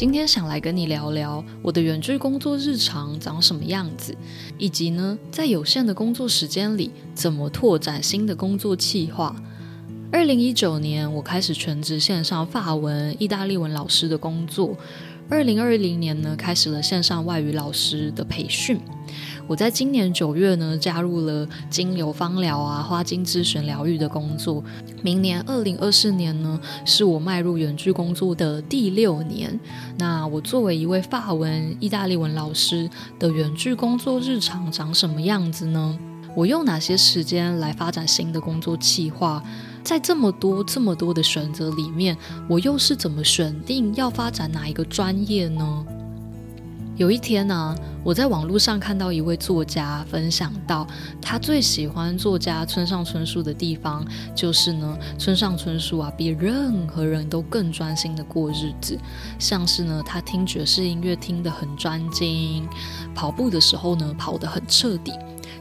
今天想來跟你聊聊我的遠距工作日常長什麼樣子，以及呢，在有限的工作時間裡怎麼拓展新的工作計劃。二零一九年，我開始全職線上法文、意大利文老師的工作。二零二零年呢，開始了線上外語老師的培訓。我在今年九月呢，加入了精油芳療啊、花精諮詢療癒的工作。明年二零二四年呢，是我邁入遠距工作的第六年。那我作為一位法文、意大利文老師的遠距工作日常長什麼樣子呢？我用哪些時間來發展新的工作企劃？在這麼多，這麼多的選擇裡面，我又是怎麼選定要發展哪一個專業呢？有一天呢，啊，我在網絡上看到一位作家分享到，他最喜歡作家村上春樹的地方就是呢，村上春樹啊，比任何人都更專心地過日子，像是呢，他聽爵士音樂聽得很專精，跑步的時候呢，跑得很徹底。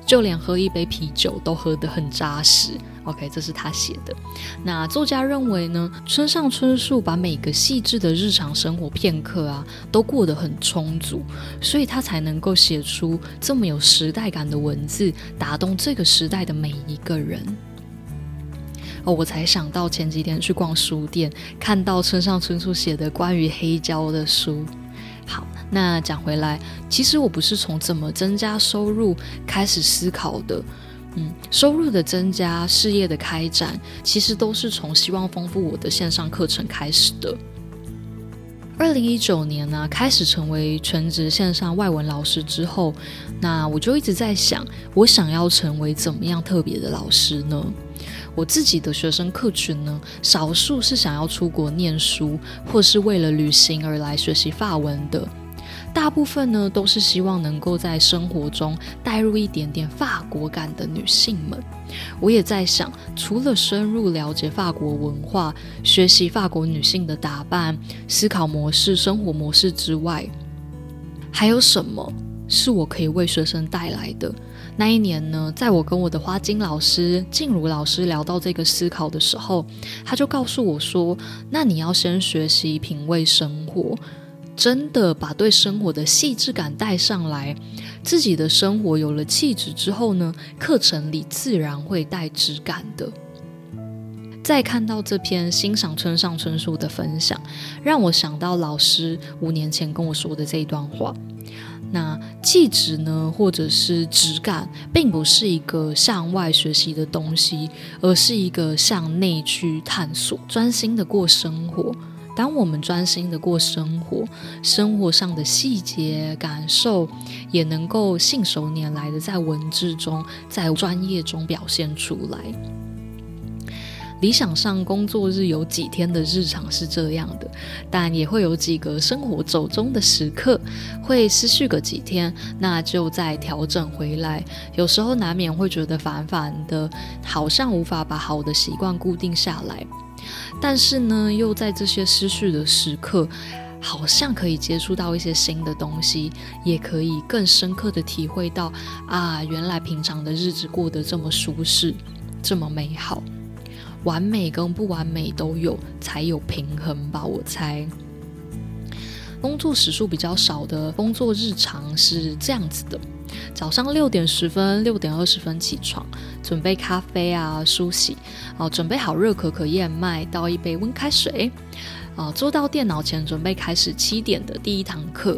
就連喝一杯啤酒都喝得很扎實。OK，這是他寫的。那作家認為呢？村上春樹把每個細緻的日常生活片刻啊，都過得很充足，所以他才能夠寫出這麼有時代感的文字，打動這個時代的每一個人。哦，我才想到前幾天去逛書店，看到村上春樹寫的關於黑膠的書。好，那講回來，其實我不是從怎麼增加收入開始思考的，嗯，收入的增加、事業的開展，其實都是從希望豐富我的線上課程開始的。二零一九年呢，啊，開始成為全職線上外文老師之後，那我就一直在想，我想要成為怎麼樣特別的老師呢？我自己的學生客群呢，少數是想要出國念書或是為了旅行而來學習法文的，大部分呢都是希望能夠在生活中帶入一點點法國感的女性們。我也在想，除了深入了解法國文化、學習法國女性的打扮、思考模式、生活模式之外，還有什麼是我可以為學生帶來的？那一年呢，在我跟我的花金老師、靜茹老師聊到這個思考的時候，他就告訴我說：“那你要先學習品味生活，真的把對生活的細緻感帶上來，自己的生活有了氣質之後呢，課程裡自然會帶質感的。”再看到這篇欣賞村上春樹的分享，讓我想到老師五年前跟我說的這一段話。那氣質呢，或者是質感，並不是一個向外學習的東西，而是一個向內去探索、專心的過生活。當我們專心的過生活，生活上的細節感受，也能夠信手拈來的在文字中、在專業中表現出來。理想上，工作日有幾天的日常是這樣的，但也會有幾個生活走中的時刻，會失去個幾天，那就再調整回來。有時候難免會覺得煩煩的，好像無法把好的習慣固定下來。但是呢，又在這些失去的時刻，好像可以接觸到一些新的東西，也可以更深刻的體會到啊，原來平常的日子過得這麼舒適，這麼美好。完美跟不完美都有，才有平衡吧。我猜，工作時數比較少的工作日常是這樣子的：早上六點十分、六點二十分起床，準備咖啡啊、梳洗啊，準備好熱可可、燕麥，倒一杯溫開水，啊，坐到電腦前準備開始七點的第一堂課。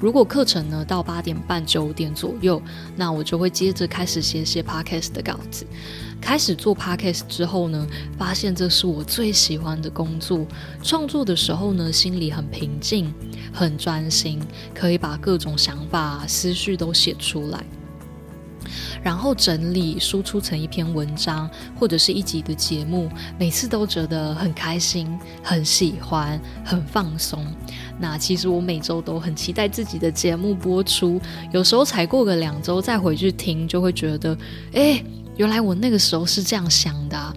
如果課程呢到八點半，九點左右，那我就會接着開始寫寫 podcast 的稿子。開始做 podcast 之後呢，發現這是我最喜歡的工作。創作的時候呢，心裡很平靜，很專心，可以把各種想法、思緒都寫出來。然後整理輸出成一篇文章或者是一集的節目，每次都覺得很開心、很喜歡、很放鬆。那其實我每周都很期待自己的節目播出，有時候才過個兩周再回去聽，就會覺得，欸，原來我那個時候是這樣想的啊。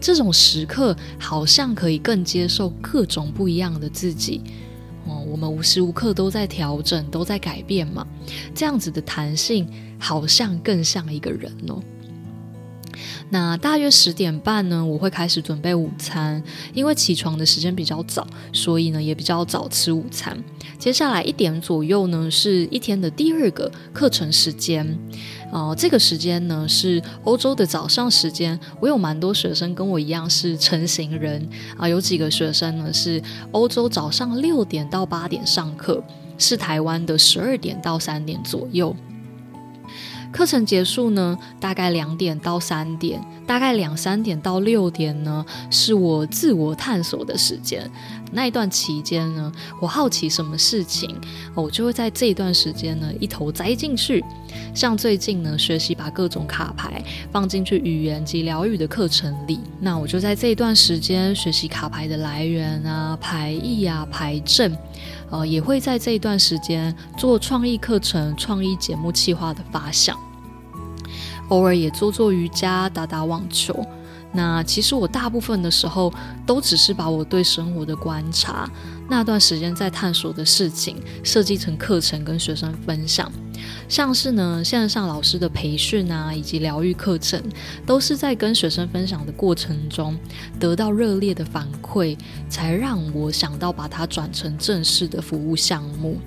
這種時刻好像可以更接受各種不一樣的自己。哦、嗯，我們無時無刻都在調整，都在改變嘛。這樣子的彈性好像更像一個人哦。那大約十點半呢，我會開始準備午餐，因為起床的時間比較早，所以呢也比較早吃午餐。接下來一點左右呢，是一天的第二個課程時間。哦、呃，這個時間呢是歐洲的早上時間。我有蠻多學生跟我一樣是晨型人啊、呃，有幾個學生呢是歐洲早上六點到八點上課，是台灣的十二點到三點左右。課程結束呢，大概兩點到三點，大概兩三點到六點呢，是我自我探索的時間。那一段期間呢，我好奇什麼事情，哦、我就會在這一段時間呢，一頭栽進去。像最近呢，學習把各種卡牌放進去語言及療癒的課程裡，那我就在這一段時間學習卡牌的來源啊、牌意啊、牌陣。呃，也會在這一段時間做創意課程、創意節目企劃的發想，偶爾也做做瑜伽、打打網球。那其實我大部分的時候，都只是把我對生活的觀察，那段時間在探索的事情，設計成課程跟學生分享。像是呢，線上老師的培訓啊，以及療癒課程，都是在跟學生分享的過程中得到熱烈的反饋，才讓我想到把它轉成正式的服務項目。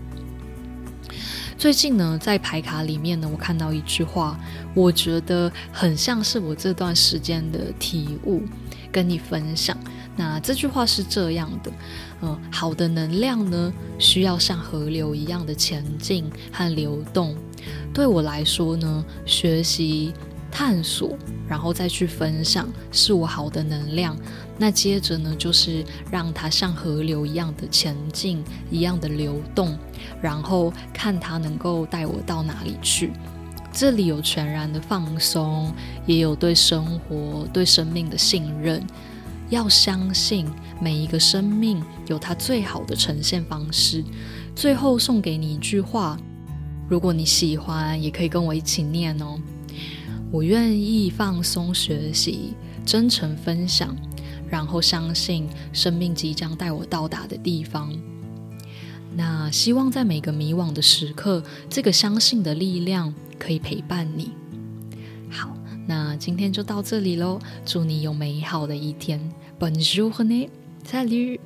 最近呢，在牌卡裡面呢，我看到一句話，我覺得很像是我這段時間的體悟。跟你分享，那這句話是這樣的，嗯、呃，好的能量呢，需要像河流一樣的前進和流動。對我來說呢，學習、探索，然後再去分享，是我好的能量。那接着呢，就是讓它像河流一樣的前進，一樣的流動，然後看它能夠帶我到哪裡去。這裡有全然的放鬆，也有對生活、對生命的信任。要相信每一個生命有它最好的呈現方式。最後送給你一句話：如果你喜歡，也可以跟我一起念哦。我願意放鬆學習，真誠分享，然後相信生命即將帶我到達的地方。那希望在每個迷惘的時刻，這個相信的力量。可以陪伴你。好，那今天就到這裡嘍。祝你有美好的一天。本書和你再綠。